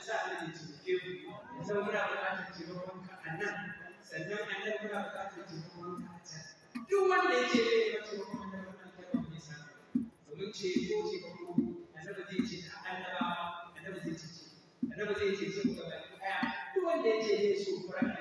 ka sa mana ya taimake mu yanzu muna buƙatar taimakon ka a nan sannan a nan muna buƙatar a can duk wanda ya ce zai yi taimakon nan wannan domin ce ko ce ko zai ce ta annabawa zai ce zai ce gaba ɗaya duk wanda ya ce zai so kuran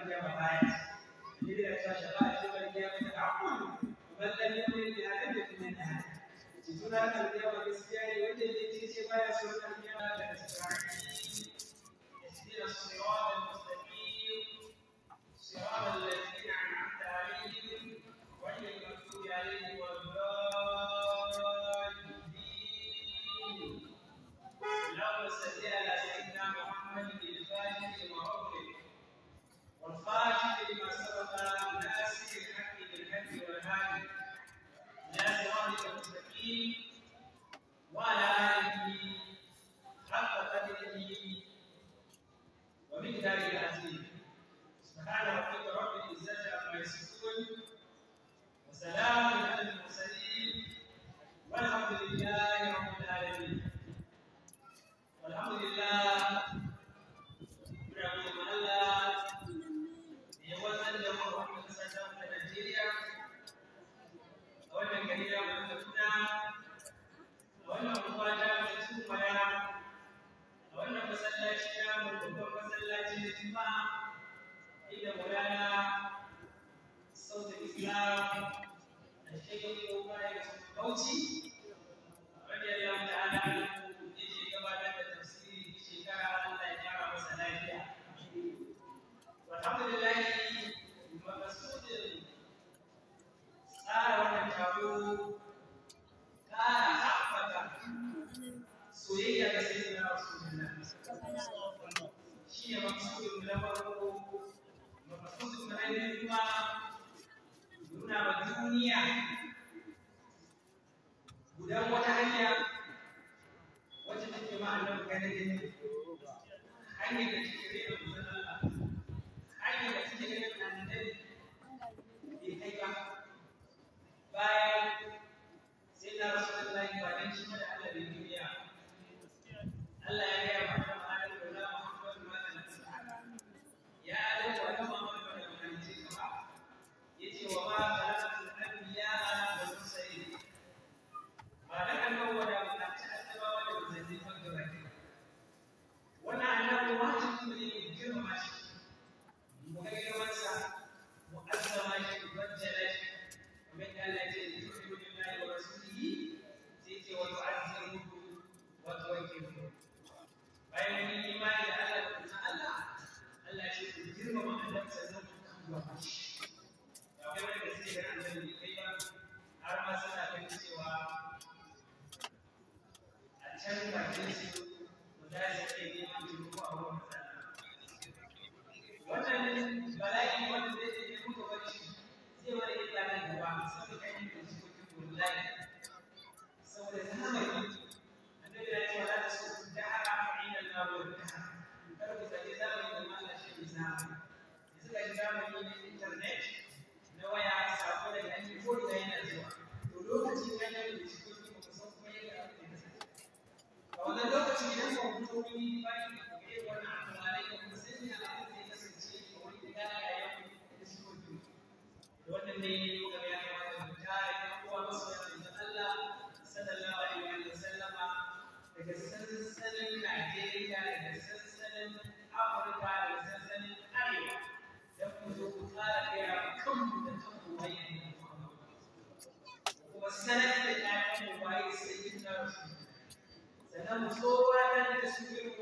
ومن ذلك العزيز سبحانه Jumaa ile Maulana sau ya Islam na Sheikh Umar nuna ba duniya gudan wata hanya wacce take ma annabi kai da gani hanyar da take rena kusan Allah hanyar da take da annabi bai kai ba bayan sai na rasulullahi ba dan shi da Allah bai duniya Allah ya gaya ma imani da Allah da ya ce ku girmama Allah sannan ku kawo shi wuri bayan wannan da da ya ne ya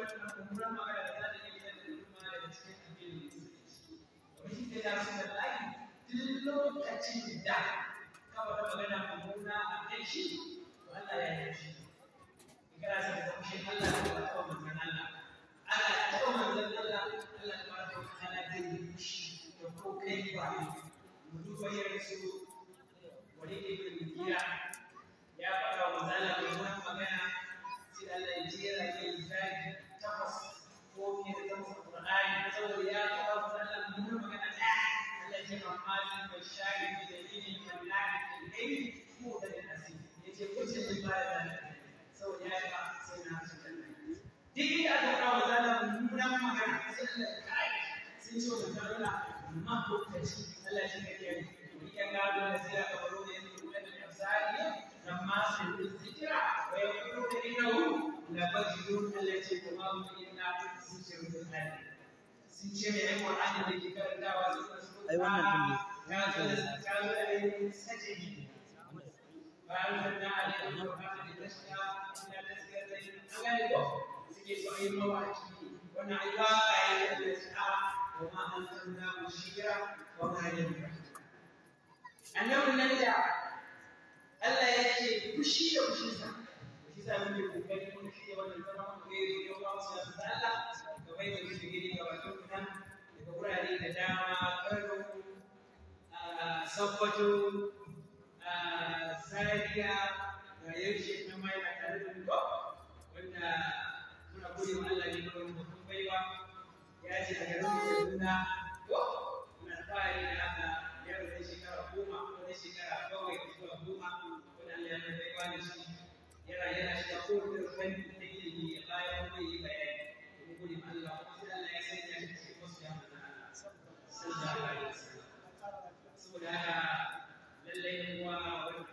wannan magana za ta iya da kuma da cikin addinin musulunci wani shi ta yasu da layi duk lokacin da ka wata magana mummuna a kan shi to Allah ya yi shi in kana son ka Allah sun ce wannan tarona amma lokaci Allah shi ne ke ya gado da sai aka baro da yake kuma da misali lamma sun yi zikira wa ya fito da inahu la bajidun Allah ce ko babu illa sun ce mutum hali sun ce mai yan Qur'ani da ke karantawa sun ka su ai wannan din ya zo da ta zo da yin sajidi فأنزلنا عليه القرآن لتشقى إلى تذكرة أغلب سكي صحيح مواعيد ونعيبها إلى الاستعارة وما أنزلنا مشيرا وما نذيرا annabi nan da Allah ya ce fushi da fushinsa shi sa muke kokari mun shi wannan zama mu ga yadda ya wasu ya san Allah da bai da muke gani ga bakin kutan daga wurare da dama a sabbato. ce garin Kaduna ko da haka shekara goma ko da shekara bakwai zuwa goma wani Allah ya yana yana shiga kowace fanni ta ilimi ya bayan lallai uwa wani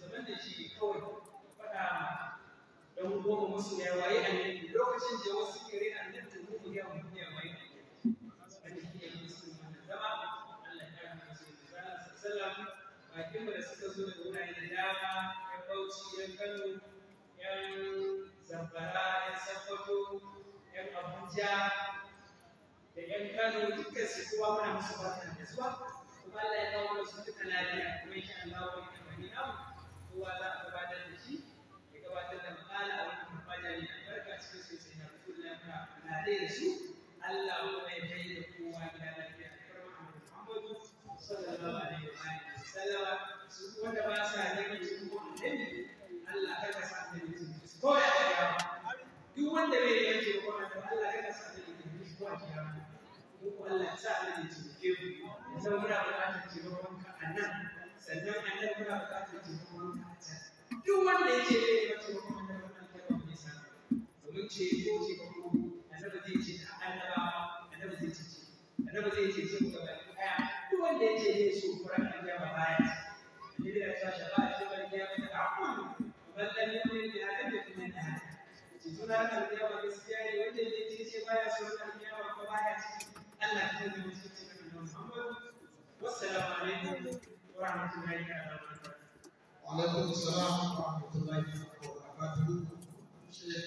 zaman da shi kawai faɗa dan uwa masoya waye a lokacin da wasu yan kano yan zamfara yan abuja da yan kano dukkan su kowa muna da zuwa Allah ya kawo su Allah kowa a gabatar da shi ya gabatar da makala a wani kamfani mai su Allah ya da kowa gida lafiya da sallallahu alaihi wa sallam su ba Allah yana sa da yake a kiyama ko ko Allah ya sa da yake cike mu sai muna buƙatar taimakon a nan sannan a nan muna buƙatar taimakon ka a can duk wanda ya ce a nan kan mai sa domin ce ko ce ko annabi zai ce ta annabawa annabi zai ce annabi zai ce sai ku gaba ɗaya duk wanda ya ce so kuran baya ya sa ban suna kan gaskiya ne ne baya so da kiyama ko baya so Allah ya zama shi cikin Muhammad wassalamu alaikum wa rahmatullahi wa barakatuh wa alaikum assalam wa rahmatullahi wa barakatuh